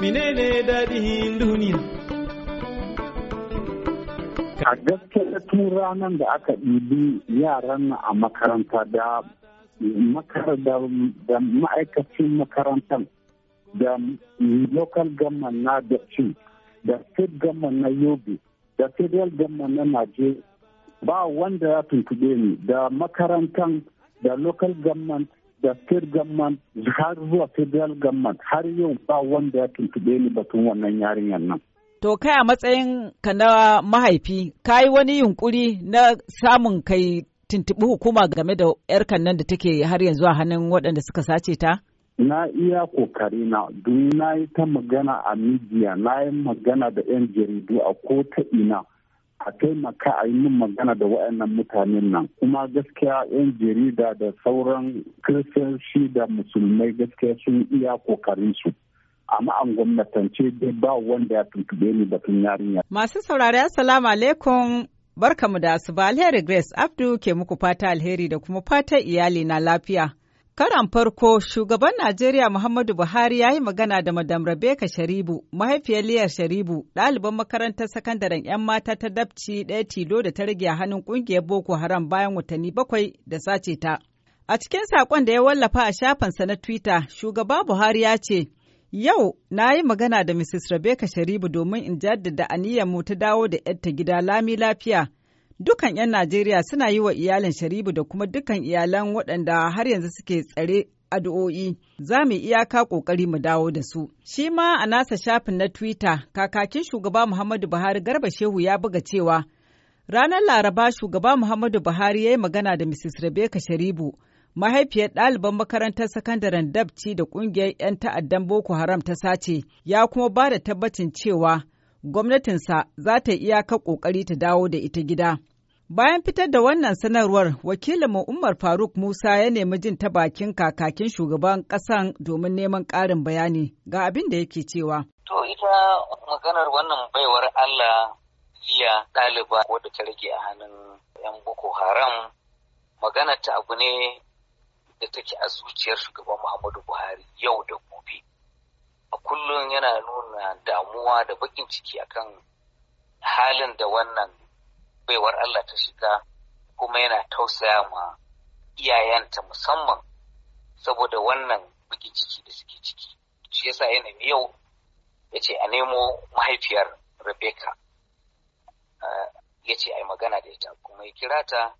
menene daɗin duniya a gaskiya tun ranar da aka ɗibi yaran a makaranta da da ma'aikacin makarantar da local government na da da state government na yobe da federal government na naje ba wanda ya tuntube ni da makarantar da local government da fir gamman har zuwa federal gamman har yau ba wanda ya tuntube ni batun wannan yarinyar nan. To kai a matsayin ka na mahaifi, ka yi wani yunkuri na samun kai tuntuɓi hukuma game da 'yar nan da take har yanzu a hannun waɗanda suka sace ta? na iya kokari na duk na yi ta magana a mijiya, na yi magana da 'yan jaridu a ko ta ina a taimaka a yi min magana da waɗannan mutanen nan kuma gaskiya 'yan jarida da sauran kiristanci da musulmai gaskiya sun iya kokarin su amma an gwamnatance dai ba wanda ya tuntube ni batun yarinya. Masu saurari assalamu alaikum barkamu da asuba alheri Grace Abdu ke muku fata alheri da kuma fatan iyali na lafiya. Karan farko shugaban Najeriya Muhammadu Buhari ya yi magana da Madam Rebecca Sharibu, mahaifiyar Liyar Sharibu, ɗaliban makarantar sakandaren 'yan mata ta dabci ɗaya tilo da ta rage a hannun ƙungiyar Boko Haram bayan watanni bakwai da sace ta. A cikin saƙon da ya wallafa a shafinsa na Twitter, shugaba Buhari ya ce, Yau na yi magana da Mrs. Rebecca Sharibu domin in jaddada aniyar mu ta dawo da ‘yarta gida lami lafiya Dukan 'yan Najeriya suna yi wa iyalin Sharibu da kuma dukan iyalan waɗanda har yanzu suke tsare addu'o'i za mu iyaka ƙoƙari mu dawo da su. Shi ma a nasa shafin na Twitter kakakin shugaba Muhammadu Buhari Garba Shehu ya buga cewa ranar Laraba shugaba Muhammadu Buhari ya yi magana da Mrs. Rebecca Sharibu mahaifiyar ɗaliban makarantar sakandaren dabci da ƙungiyar 'yan ta'addan Boko Haram ta sace ya kuma ba da tabbacin cewa gwamnatinsa za ta iyaka ƙoƙari ta dawo da ita gida. Bayan fitar da wannan sanarwar, wakilin Umar Faruk Musa ya nemi jin ta bakin kakakin shugaban ƙasan domin neman ƙarin bayani ga abin da yake cewa. To ita maganar wannan baiwar Allah jiya ɗaliba wadda ta rage a hannun 'yan Boko Haram maganar ta abu ne da take a zuciyar shugaban Muhammadu Buhari yau da ku. kullum yana nuna damuwa da bakin ciki akan halin da wannan baiwar Allah ta shiga kuma yana tausaya ma iyayenta musamman saboda wannan bakin ciki da suke ciki shi yasa yana yau ya ce a nemo mahaifiyar Rebecca eh, ya ce a yi magana da ita kuma ya kira ta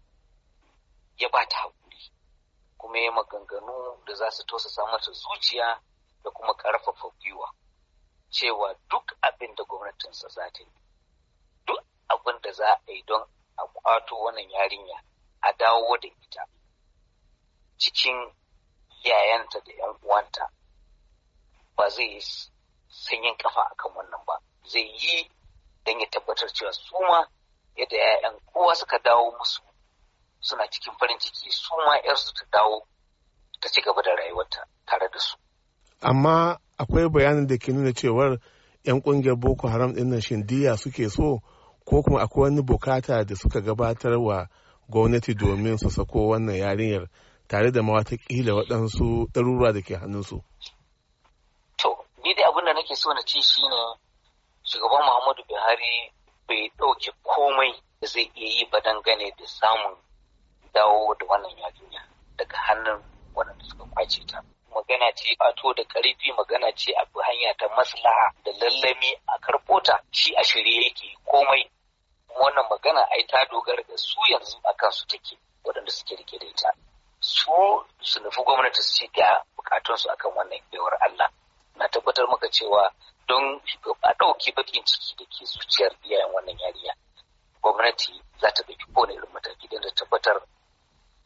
ya ba ta haƙuri kuma ya maganganu da za su tausasa mata zuciya da kuma karfafa gwiwa cewa duk abin da gwamnatinsa za ta yi duk abin da za a yi don a kwato wannan yarinya a dawo da ita cikin yayanta da 'yan uwanta ba zai yi sanyin kafa akan wannan ba zai yi don ya tabbatar cewa su ma yadda 'ya'yan kowa suka dawo musu suna cikin farin ciki su ma 'yarsu ta dawo ta ci gaba da rayuwarta tare da su amma akwai bayanin da ke nuna cewar 'yan kungiyar boko haram din nan shindiya suke so ko kuma akwai wani bukata da suka gabatar wa gwamnati domin su sako wannan yarinyar tare da kila waɗansu ɗarurwa da ke hannunsu. To, ni dai abin da nake so na ci shine shugaban Muhammadu Buhari bai ɗauke komai da zai iya yi ba dangane da samun dawo da wannan yarinya daga hannun waɗanda suka kwace ta. magana ce fato da karfi magana ce a hanya ta maslaha da lallami a karbota shi a shirye yake komai wannan magana ai ta dogara da su yanzu a kansu take waɗanda suke rike da ita su su nufi gwamnati su ce ga bukatunsu akan wannan yawar Allah na tabbatar maka cewa don a ɗauki bakin ciki da ke zuciyar iyayen wannan yariya gwamnati za ta ɗauki kowane irin mataki don da tabbatar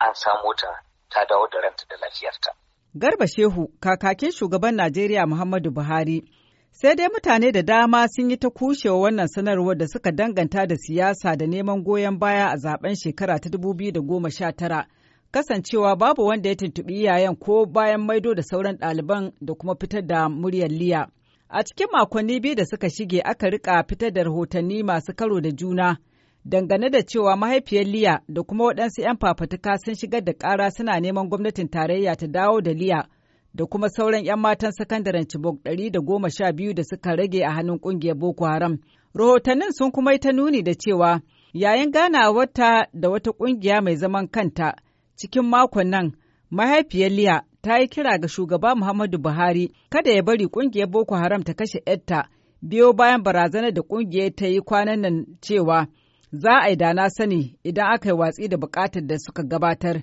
an samu ta ta dawo da ranta da lafiyarta. Garba Shehu, kakakin shugaban Najeriya Muhammadu Buhari. Sai dai mutane da dama sun yi ta kushewa wannan sanarwar da suka danganta da siyasa da neman goyon baya a zaben shekara ta 2019. Kasancewa babu wanda ya tuntuɓi iyayen ko bayan maido da sauran ɗaliban da kuma fitar da muryar liya. A cikin makonni biyu da suka shige aka rika fitar da rahotanni masu karo da juna dangane da cewa mahaifiyar Liya da kuma waɗansu 'yan fafatuka sun shigar da ƙara suna neman gwamnatin tarayya ta dawo da Liya da kuma sauran 'yan matan sakandaren cibok ɗari da goma sha biyu da suka rage a hannun ƙungiyar Boko Haram. Rahotannin sun kuma yi ta nuni da cewa yayin wata da wata ƙungiya mai zaman kanta cikin makon nan mahaifiyar Liya ta yi kira ga shugaba Muhammadu Buhari kada ya bari ƙungiyar Boko Haram ta kashe 'yarta biyo bayan barazanar da ƙungiyar ta yi kwanan nan cewa za a yi da sani idan aka yi watsi da bukatar da suka gabatar.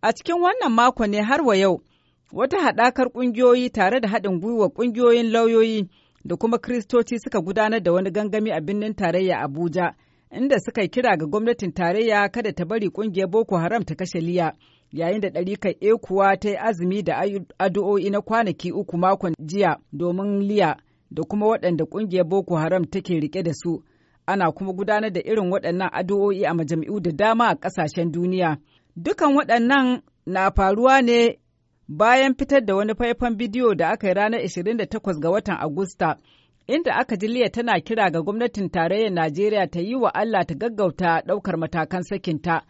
A cikin wannan mako ne har wa yau wata haɗakar ƙungiyoyi tare da haɗin gwiwa ƙungiyoyin lauyoyi da kuma Kiristoci suka gudanar da wani gangami a birnin tarayya Abuja, inda suka yi kira ga gwamnatin tarayya kada ta bari ƙungiyar Boko Haram ta kashe liya, yayin da ɗarikar ekuwa ta yi azumi da addu'o'i na kwanaki uku makon jiya domin liya da kuma waɗanda ƙungiyar Boko Haram take rike da su. ana kuma gudanar da irin waɗannan addu'o'i a majami'u da dama a ƙasashen duniya. Dukan waɗannan na faruwa ne bayan fitar da wani faifan bidiyo da aka yi ranar 28 ga watan Agusta, inda aka ji Liya tana kira ga gwamnatin tarayyar Najeriya ta yi wa Allah ta gaggauta ɗaukar matakan sakinta.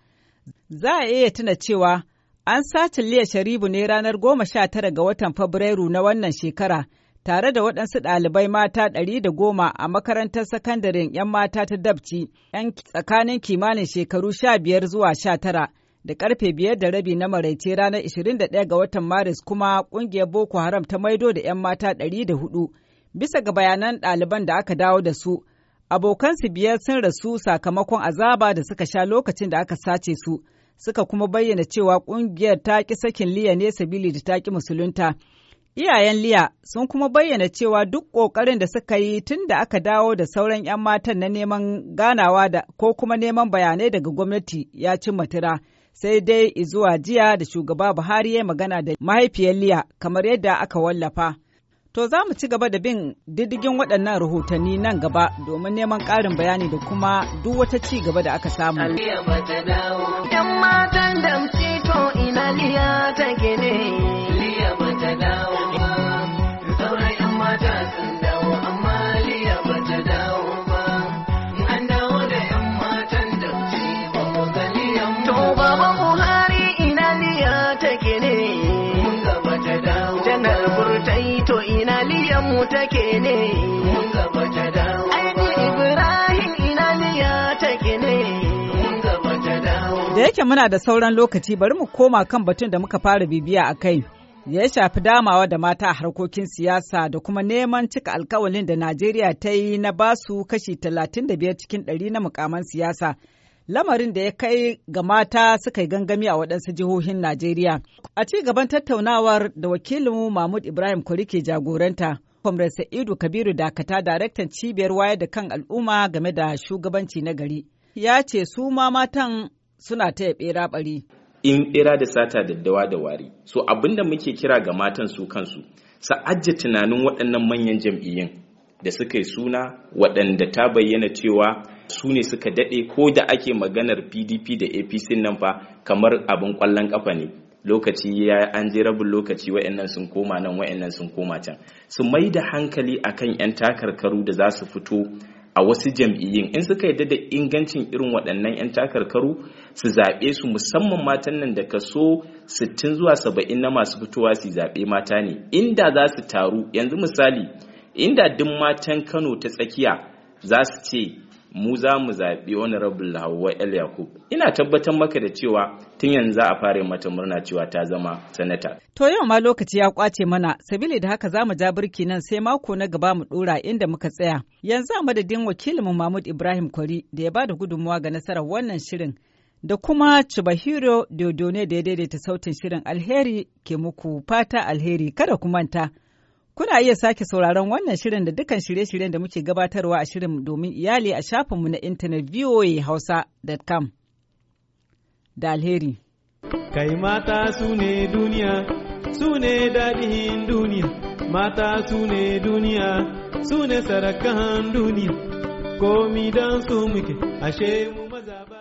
Za a iya tuna cewa an sace Liya Sharibu ne ranar goma sha tara ga watan Fabrairu na wannan shekara. tare da waɗansu ɗalibai mata ɗari da goma a makarantar sakandaren 'yan mata ta Dabci 'yan tsakanin kimanin shekaru sha biyar zuwa sha tara. da karfe biyar da rabi na maraice ranar 21 ga watan maris kuma ƙungiyar boko haram ta maido da 'yan mata ɗari da hudu bisa ga bayanan ɗaliban da aka dawo da su abokansu biyar sun rasu sakamakon azaba da suka sha lokacin da aka sace su suka kuma bayyana cewa ƙungiyar ta ki sakin liya ne sabili da ta ki musulunta Iyayen Liya sun kuma bayyana cewa duk ƙoƙarin da suka yi tun da aka dawo da sauran 'yan matan na neman ganawa da ko kuma neman bayanai daga gwamnati ya ci matura. Sai dai izuwa jiya da shugaba Buhari ya magana da mahaifiyar Liya kamar yadda aka wallafa. To za mu ci gaba da bin diddigin waɗannan rahotanni nan gaba domin neman ƙarin bayani da kuma duk wata ci gaba da aka samu. Aliya ina liya. take ne janar burtai to ina liyan mu take ne da yake muna da sauran lokaci bari mu koma kan batun da muka fara bibiya a kai ya shafi damawa da mata a harkokin siyasa da kuma neman cika alkawalin da Najeriya ta yi na basu kashi talatin da biyar cikin ɗari na mukaman siyasa. lamarin da ya kai ga mata suka yi gangami a waɗansu jihohin Najeriya. A ci gaban tattaunawar da wakilinmu Mahmud Ibrahim Kuri ke jagoranta, Comrade Sa'idu Kabiru Dakata, daraktan cibiyar wayar da kan al'umma game da shugabanci na gari, ya ce su ma matan suna taya ɓera bari. In bera da sata daddawa da wari, so abin da muke kira ga matan su kansu, sa ajiye tunanin waɗannan manyan jam'iyyun da suka yi suna waɗanda ta bayyana cewa su ne suka daɗe ko da ake maganar pdp da apc nan fa kamar abin kwallon kafa ne lokaci ya an je rabin lokaci wa'annan sun koma nan wa'annan sun koma can su mai da hankali akan 'yan takarkaru da za su fito a wasu jam'iyyun in suka yadda da ingancin irin waɗannan 'yan takarkaru su zaɓe su musamman matan nan da kaso 60 zuwa 70 na masu fitowa su zaɓe mata ne inda za su taru yanzu misali inda duk matan kano ta tsakiya za su ce mu za mu zaɓi wani rabin Hauwa El Yakub. Ina tabbatar maka da cewa tun yanzu za a fara mata murna cewa ta zama sanata. To yau ma lokaci ya kwace mana, sabili da haka za mu ja birki nan sai mako na gaba mu ɗora inda muka tsaya. Yanzu a madadin wakilinmu Mahmud Ibrahim Kwari da ya bada gudunmawa ga nasarar wannan shirin. Da kuma Chibahiro Dodone da ya daidaita sautin shirin alheri ke muku fata alheri kada ku manta. Kuna iya sake sauraron wannan shirin da dukkan shirye-shiryen da muke gabatarwa a shirin domin iyali a shafinmu na intanet voahausa.com da alheri. Kai mata su ne duniya, su ne daɗin duniya, mata su ne duniya, su ne sarakan duniya, komi don su muke, ashe mu maza ba.